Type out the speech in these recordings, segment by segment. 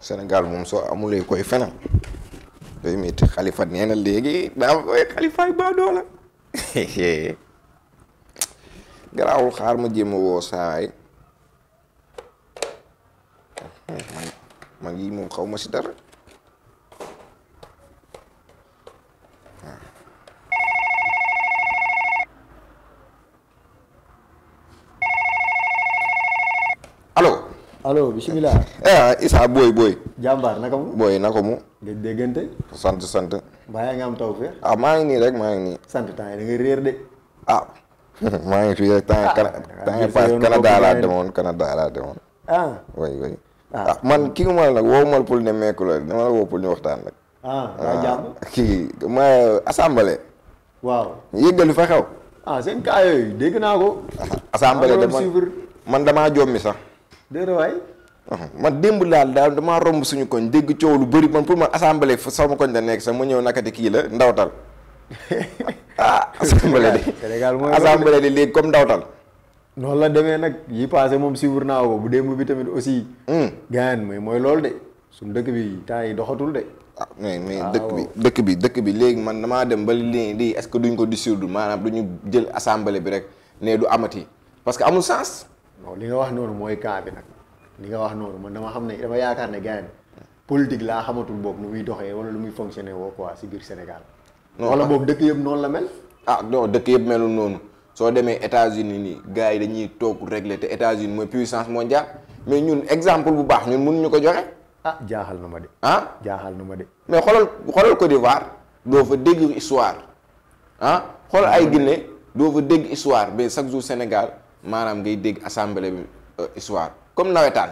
Sénégal moom soo amulee koy fenal day métti xalifa nee na léegi daa koy xalifaay baa doola garaawul xaar ma jéem a woo saay man man yi moom xaw ma si dara allo bisimilah. ah eh, eh, Issa booy booy. jàmbaar naka mu. booy naka mu. gëj déggante. sant sant. mbaa yaa ngi am taw fee. ah maa ngi nii rek maa ngi nii. sant temps nga réer ah, maa ngi fii rek temps yi Canada ah, temps yi pass Canada laa demoon Canada ah. laa man ki nga ma nag woo ma pour ne meeku la dama la woo pour ñu waxtaan rek. ah daa jàmm fa xew. ah seen cas yooyu dégg naa ko. assemblée de man man damaa jommi sax. déedéet waay. Ah, man démb daal daal damaa romb suñu koñ dégg coow lu bëri man pour man assemblée fu sama koñ da nekk sax ma ñëw nakati kii la ndawtal ah assemblée de Sénégal mooy assemblée de léegi comme ndawtal noonu la demee nag yi passé moom si wur naa ko bu démb bi tamit aussi hmm. gaan mooy mooy loolu de suñu dëkk bi temps yi doxatul de ah, mais mais ah, dëkk bi dëkk bi dëkk bi léegi man damaa dem ba lii lii est-ce que duñ ko di dissoudre maanaam duñu jël assemblée bi rek ne du amati parce que amul sens non li nga wax noonu mooy cas bi nag li nga wax noonu man dama xam ne dama yaakaar ne gars politique laa xamatul boobu nu muy doxee wala lu muy fonctionner woo quoi si biir Sénégal. wala ah. boobu dëkk yëpp noonu la mel. ah non dëkk yëpp melul noonu soo demee États-Unis ni gars yi dañuy toog régler te États-Unis mooy puissance mondiale mais ñun exemple bu baax ñun ñu ko joxe. ah jaaxal na ma de. ah jaaxal na ma de. mais xoolal xoolal Côte d'Ivoire doo fa dégg histoire ah xool ay Guinée doo fa dégg histoire mais chaque jour Sénégal. maanaam ngay dégg assemblée bi euh, histoire comme nawetaan.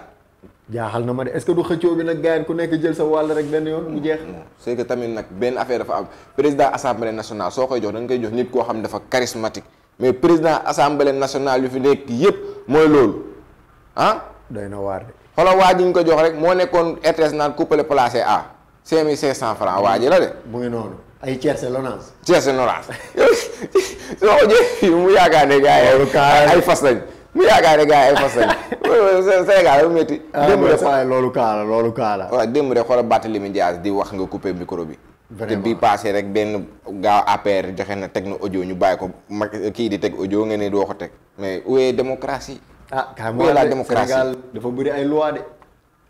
jaaxal na ma de est-ce que du xëccoo bi nag gars ku nekk jël sa wàll rek benn yoon mu jeex. c'est tamit nag benn affaire dafa am président assemblée nationale soo koy jox da nga koy jox nit koo xam ne dafa charismatique mais président assemblée nationale yu fi nekk yépp mooy loolu ah. doy na waar de. xoolal waa ji ñu ko jox rek moo nekkoon RTS naan couple placé A. 5500 francs waa ji la de. mu ngi noonu soo ko mu yaakaar ne gars yi ay fas mu yaakaar ne yi ay fas lañ Sénégal dafa métti. Ah, démb de xoolal loolu kaa la loolu kaa la. waaw démb de di wax nga coupé micro bi. te bii passé rek benn gaaw APR joxe na teg na audio ñu bàyyi ko kii di teg audio nga ne doo ko teg mais où est démocratie. ah dafa bëri ay loi de.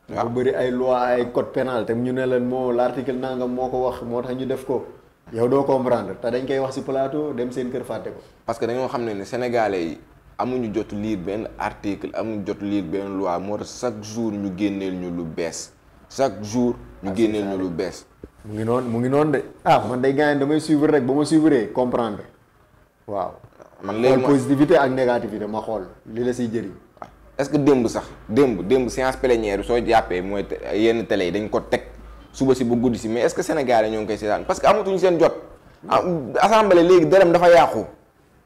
waaw ah. bëri ay loi ay code pénal te ñu ne leen moo l' article nangam moo ko wax moo tax ñu def ko yow doo comprendre te dañ koy wax si plateau dem seen kër fàtte ko. parce que dañoo xam ne ne sénégalais yi amuñu jot lire benn article amuñu jot liir benn loi moo tax chaque jour ñu génneel ñu lu bees chaque jour. ñu ah, génneel ñu lu bees. mu ngi noon mu ngi noon de ah man day gaañ damay suivre rek ba ma suivre comprendre waaw. man léegi ma xool positivité ak négativité ma xool li la siy jëriñ. est-ce que démb sax démb démb séance plénière bi soo jàppee mooy yenn tele yi dañ ko teg suba si bu guddi si mais est-ce que Sénégalais ñoo ngi koy seetaan parce que amatuñu seen jot. Ah, assemblée léegi dërëm dafa yàqu.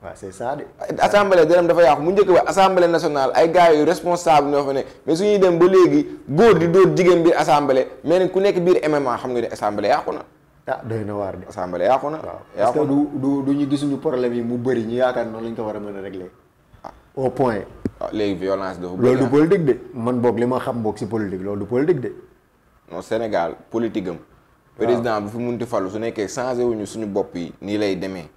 waaw c'est ça de. assemblée dafa yàqu mu njëkk ba assemblée nationale ay gars yu responsable ñoo fa ne mais suñuy dem ba léegi góor di dóor jigéen biir assemblée mais ni ku nekk biir MMA xam nga ne assemblée yàqu na. ah doy na yàqu na. parce que du du du ñu gisuñu problème yi mu bëri ñu yaakaar noonu lañ ko war a mën a régler ah. au point. Ah, léegi violence dafa. loolu du ah. politique de man boog li ma xam boog si politique loolu du politique de. non Sénégal politique am. Ah. président bu fi munti falu su nekkee changé wuñu suñu bopp yi. nii lay demee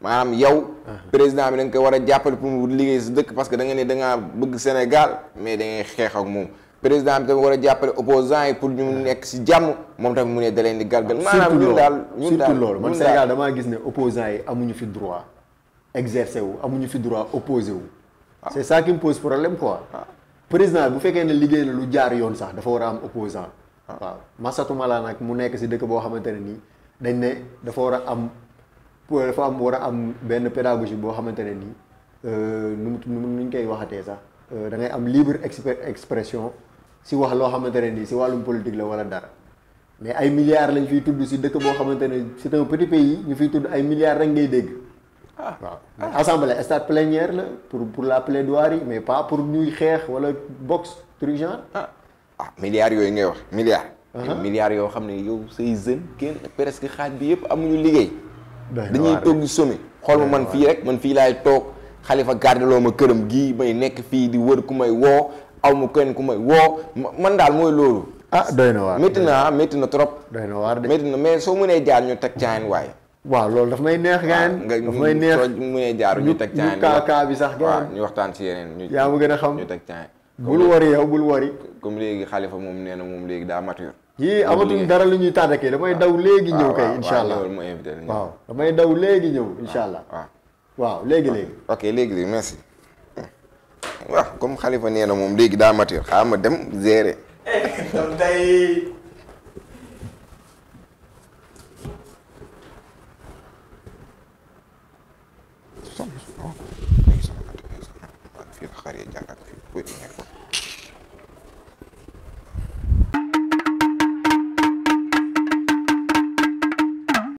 maanaam yow. président bi da koy war a jàppale pour mu liggéey si dëkk parce que da nga ne da ngaa bëgg Sénégal mais da ngay xeex ak moom. président bi tamit war a jàppale opposants yi pour ñu nekk si jàmm moom tamit mu ne da leen di galgal maanaam ñun daal ñun daal surtout loolu man Sénégal damaa gis ne opposants yi amuñu fi droit exercer wu amuñu fi droit opposé wu c' est ça qui me pose problème quoi. bu fekkee ne liggéey na lu jaar yoon sax dafa war a am opposant waaw masatuma laa nag mu nekk si dëkk boo xamante ne nii dañ ne dafa war a am dafa am war a am benn pédagogie boo xamante ne nii euh, nu mu nu ñu koy waxatee sax euh, da ngay am libre expression si wax loo xamante ne nii si wàllum politique la wala dara mais ay milliards lañ fiy tudd si dëkk boo xamante ne c'est un petit pays ñu fiy tudd ay milliards rek ngay dégg. Ah. waaw mais assemblée stade plénière la pour pour la plaidoirie mais pas pour ñuy xeex wala boxe truc genre. ah ah yooyu ngay wax uh-huh. milliards. yoo xam ne yow say jeunes kenn presque xaaj bi yëpp amuñu liggéey. dañuy toog di sommet. xool ma man fii rek man fii laay toog xalifa gardeloo ma këram gii may nekk fii di wër ku may woo aw ma kenn ku may woo man daal mooy loolu. ah doy na waar métti na métti na trop. doy na waar de métti na mais soo mënee jaar ñu teg caayin waaye. waaw loolu daf may neex gaan daf may neex mu ne jaaru ñu teg caa ñu kaakaa bi sax gaan ñu waxtaan si yeneen ñu yaa ma gën a xam ñu teg caa bul wari yow bul wari comme léegi xalifa moom nee na moom léegi daa mature yii amatuñ dara lu ñuy tàddakee damay daw léegi ñëw kay insha allah waaw damay daw léegi ñëw insha allah waaw waaw léegi léegi ok léegi léegi merci waaw comme xalifa nee na moom léegi daa mature xaaral a dem géere eh, Maria Diarra qui, qui